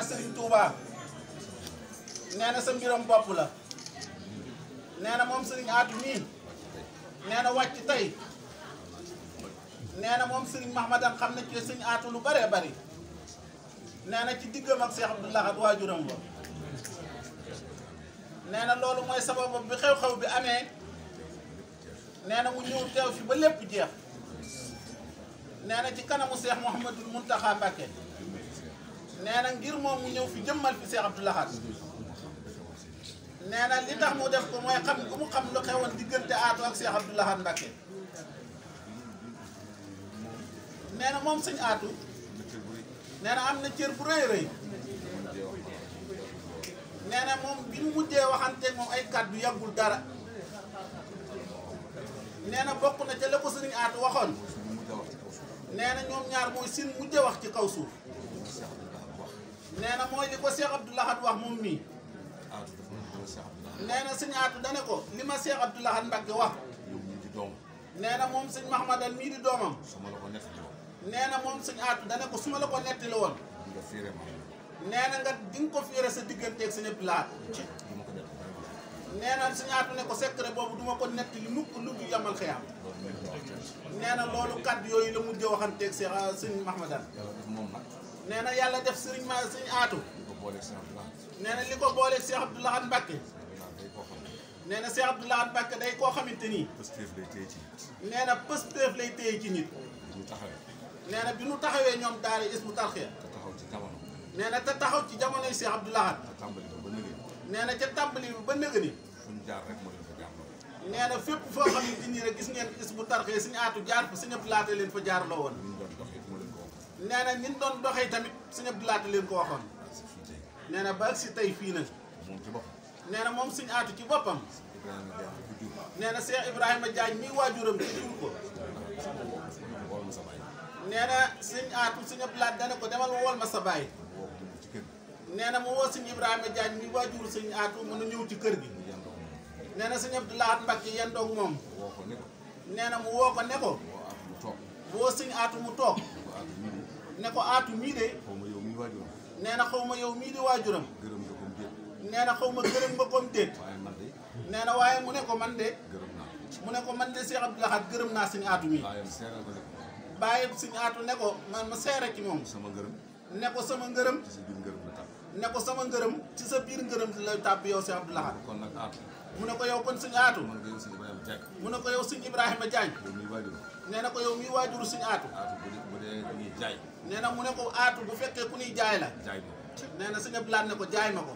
jaar Serigne Touba nee na sa mbiram bopp la nee na moom Serigne Atou mii nee na wàcc tey nee na moom Serigne Mahmadan xam na ci Serigne lu bëree bari nee na ci diggam ak Cheikh Abdou Lahad waajuram ba nee na loolu mooy sababu bi xew-xew bi amee nee na mu ñëw teew fi ba lépp jeex nee na ci kanamu Cheikh Mouhamadul Mountakha Mbacké nee na ngir moom mu ñëw fi jëmmal fi Cheikh Abdou Lahad nee na li tax mu def ko mooy xam ku mu xam lu xewoon diggante Aatu ak Cheikh Abdou Lahad Mbacké nee na moom sëñ Aatu nee na am na cër bu rëy rëy nee na moom bi mu mujjee waxanteeg moom ay kàddu yàggul dara nee na bokk na ca la ko sëriñ Aatu waxoon nee ñoom ñaar mooy sin mujjee wax ci kaw suuf nee na mooy li ko Cheikh Abdou Lahad wax moom mii. aatu dafa nekk ko li ma Cheikh Abdou Lahad Mbacke wax. yow na moom sëñ Mahmadan mii di doomam. su ma la ko nettali woon. na moom sëñ aatu ko su ma la ko nettali woon. nga na nga di ko fiire sa digganteeg sëñ Abdou Lahad. nee na sëñ aatu ne ko secret boobu duma ma ko nettali mukk lu dul yamal xëyam. na loolu kàddu yooyu la mujjee waxanteeg sëñ Mahmadan. nee na yàlla def sëriñ ma sëriñ aatu. nee na li ko booleeg Cheikh Abdou Lahad Mbacké. nee na Cheikh Abdou Lahad Mbacké day koo xamante ni. pësteef lay téye ci nee na pësteef lay téye ci nit. nee na bi ñu taxawee ñoom daara Hizbut Tarqiyyah. te taxaw ci jamono. nee na te taxaw ci jamono Cheikh Abdou Lahad. nee na ca ba nëgë ni. fu ñu jaar rek moo nee na fépp foo xamante ni rek gis ngeen Hizbut Tarqiyyah suñu aatu jaar fa suñu plaatee leen fa jaar loo woon. nee na ñun doon doxee tamit sëñ Abdou Lahat leen ko waxoon nee na ba si tey fii na nee na moom sëñ aatu ci boppam nee na Cheikh Ibrahima Diagne mii waajuram ci jur ko nee na sëñ aatu sëñ Abdou dana ko demal wool ma sa baay nee na mu woo sëñ Ibrahima Diagne mii waajur sëñ aatu mën ñëw ci kër gi nee na sëñ Abdou Lahat Mbacke yendoog moom nee na mu woo ko ne ko woo sëñ aatu mu toog ne ko aatu mii de. xaw ma yow mii waajuram. nee na xaw ma yow mii di waajuram. gërëm nga nee na xaw ma gërëm nga comme déet. nee na waaye mu ne ko man de. gërëm mu ne ko man de Cheikh Abdou Lahad gërëm naa suñu aatu mii. bàyyam seeral ko ne ko. bàyyam aatu ne ko man ma seere ci moom. sama ngërëm. ne ko sama ngërëm. ci biir ngërëm la ne ko sama ngërëm ci sa biir ngërëm la tàbb yow Cheikh Abdou Lahad. kon nag aatu. mu ne ko yow kon suñu aatu. mu ne ko yow suñu Ibrahima Diagne. mu ne ko yow suñu Ibrahima Diagne. nee na ko yow mii waajuru si aatu. aatu bu dee bu dee ku ñuy jaay. nee na mu ne ko aatu bu fekkee ku ñuy jaay la. jaay ma ko nee na suñu laaj ne ko jaay ma ko.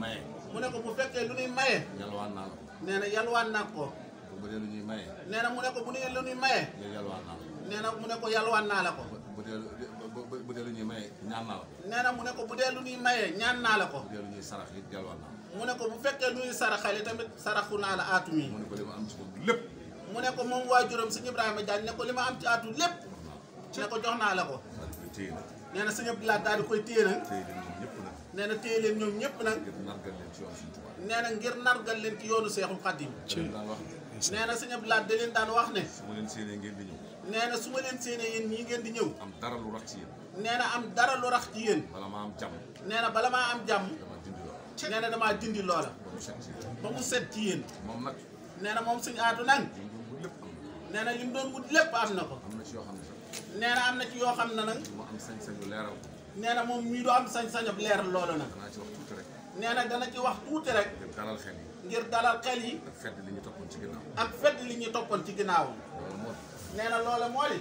maye. mu ne bu fekkee lu ñuy maye. yalwaan naa ko. nee na yalwaan naa bu dee lu ñuy maye. nee na mu ne bu dee lu ñuy maye. yalwaan naa ko. nee na mu ne ko yalwaan naa la ko. bu dee bu ñuy maye ñaan naa la ko. nee mu ne ko bu dee lu ñuy maye ñaan naa la ko. bu dee lu ñuy sarax it yalwaan naa ko. mu ne ko bu fekkee lu ñuy saraxale tamit saraxu naa la aatu mi. mu ne ko li ma am si ko lépp mu ne ko moom waajuram sëñ Ibrahima Diagne ne ko li ma am ci atu lépp ne ko jox naa la ko nee na sëñ laa daal di koy téye nag nee na téye leen ñoom ñëpp nag nee na ngir nargal leen ci yoonu Seexul Xadim nee na sëñ Abdoulaye da leen daan wax ne su ma leen séenee ngeen di su ma leen séenee yéen ngeen di ñëw am dara lu rax ci yéen nee na am dara lu rax ci yéen bala maa am jàmm nee na bala maa am jàmm nee na damaa dindi loola ba mu set ci yéen moom nag na moom sëñ aatu nag nee na li mu doon wut lépp am na ko. am na ci yoo xam ne nee am na ci yoo xam ne nag. mu sañ-sañu leeral. nee na moom mii du am sañ-sañu leeral loolu nag. danaa nee na dana ci wax tuuti rek. ngir dalal xel yi. ngir yi. ak li ñu toppoon ci ginnaaw. ak fedd li ñu toppoon ci ginnaaw. loolu moo na loolu moo di.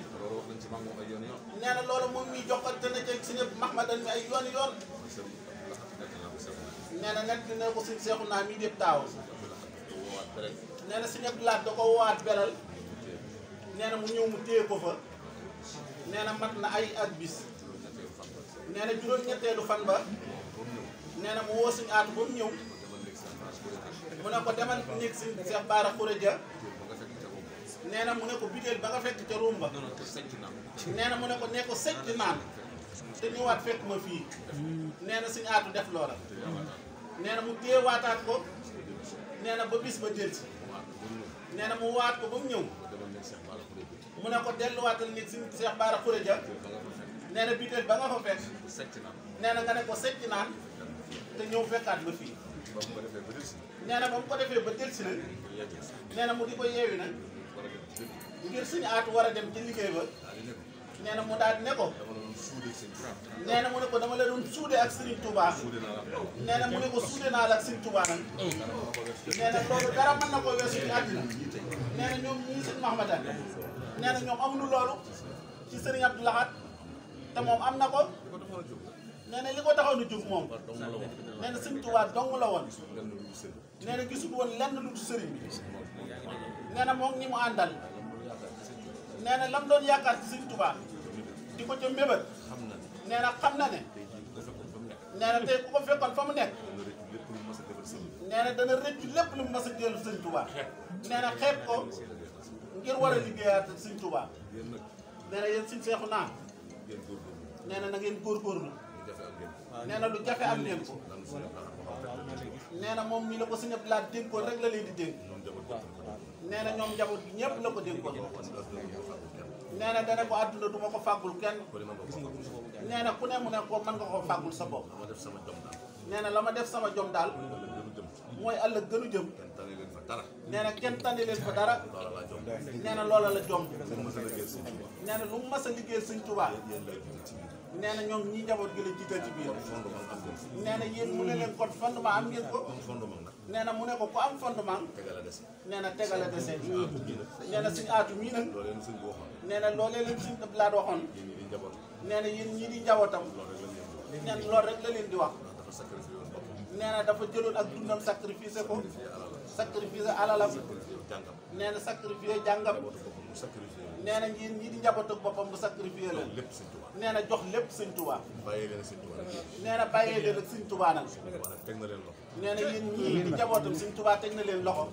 ci maam moom ay yoon yoon. nee na loolu moom mii jokkante na ci si ñëpp Mahmadan mi ay yoon yoon. nee na nekk na ko si naa mii dépp taaw. nee na si ñëpp laaj da ko woowaat beral nee na mu ñëw mu téye ko fa nee na mat na ay at bis nee na juróom-ñetteelu fan ba nee na mu woo suñu aatu ba mu ñëw mu ne ko demal nekk si Cheikh Bara Khourédia nee na mu ne ko biteel ba nga fekk ca Rumba nee na mu ne ko nee ko sëcc naan te ñëwaat fekk ma fii nee na suñu aatu def loola nee na mu téye waataat ko nee na ba bis ba jël si nee na mu waat ko ba mu ñëw mu ne ko delluwaatal nit si Cheikh Bara Khourédia nee na bitéel ba nga fa fekk nee na nga ne ko secc naan te ñëw fekkaat ma fii nee na ba mu ko defee ba del si nag nee na mu di ko yeewi nag ngir suñu aatu war a dem ci liggéey ba nee na mu daal ne ko nee na mu ne ko dama la doon suude ak Serigne Touba. nee na mu ne ko suude naa la ak Serigne Touba nag. nee na loolu dara mën na ko weesu ci àddina. nee na ñoom ñii sëñ Mahamadan. nee na ñoom amuñu loolu ci Serigne Abdou te moom am na ko. nee li ko taxaw nu jub moom. nee na Serigne Touba dong la woon. nee na gisul woon lenn lu dul Serigne bi. moom ñi mu àndal. nee lam doon yaakaar ci Serigne Touba. di ko ca mbébét. xam na ne xam na ne. tey jii ku ko fekkoon fa mu fa mu nekk. nee na dana rëccu lépp lu mu mas a dellu sëñ Touba. nee na xeeb ko ngir war a liggéeyaat sëñ Touba. nee na si sëñ seexu naa. nee na na ngeen góorgóorlu. nee na lu jafe am leen ko. nee na moom mii la ko sëñ Abdou Lahad dénkoon rek la leen di dénk. nee na ñoom njaboot bi ñëpp la ko dénkoon. nee na dana ko àdduna du ma ko fàggul kenn. nee ku ne mu ne ko mën nga ko fàggul sa bopp. nee la ma def sama jom daal. mooy ëllëg gënu jëm. nee na kenn tànni leen fa dara. nee na loola la jom. nee lu mu mas a liggéey Sëñ Tuubaa. nee na ñoom ñi njaboot gi la jiital ci biir na yéen mu ne leen kon fondement am ngeen ko nee mu ne ko ku am fondement nee na tegal a dese nee na suñu aatu mii nag nee na leen di njabootam nee na loolu rek leen di wax nee dafa jëloon ak dundam sacrifice ko sacrifice alalam nee na jàngam nee na ñii di njaboot ak boppam bu sacrifice la nee na jox lépp sëñ Touba. bàyyi leen ak sëñ Touba nee na bàyyi leen ak sëñ nag. teg na leen loxo. nee na yéen ñii di njabootam sëñ Touba teg na leen loxo.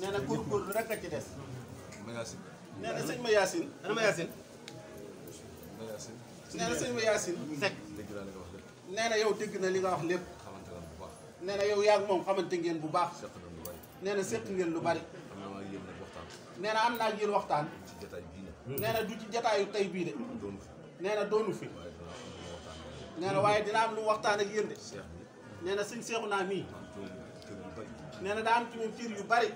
nee na góorgóorlu rek a ci des. Mayacine. nee na sëñ Mayacine. ana Mayacine. Mayacine. nee na sëñ Mayacine. Seck dégg yow dégg na li nga wax lépp. yow yaa ngi moom ngeen bu baax. seq na lu bari. nee lu bari. nee am naa ak waxtaan. nee du ci jataayu tey bii de. nee na doonu fi nee na waaye dina am lu waxtaan ak yéen de nee na sëñ Seexuna mii nee na daa am ci moom bari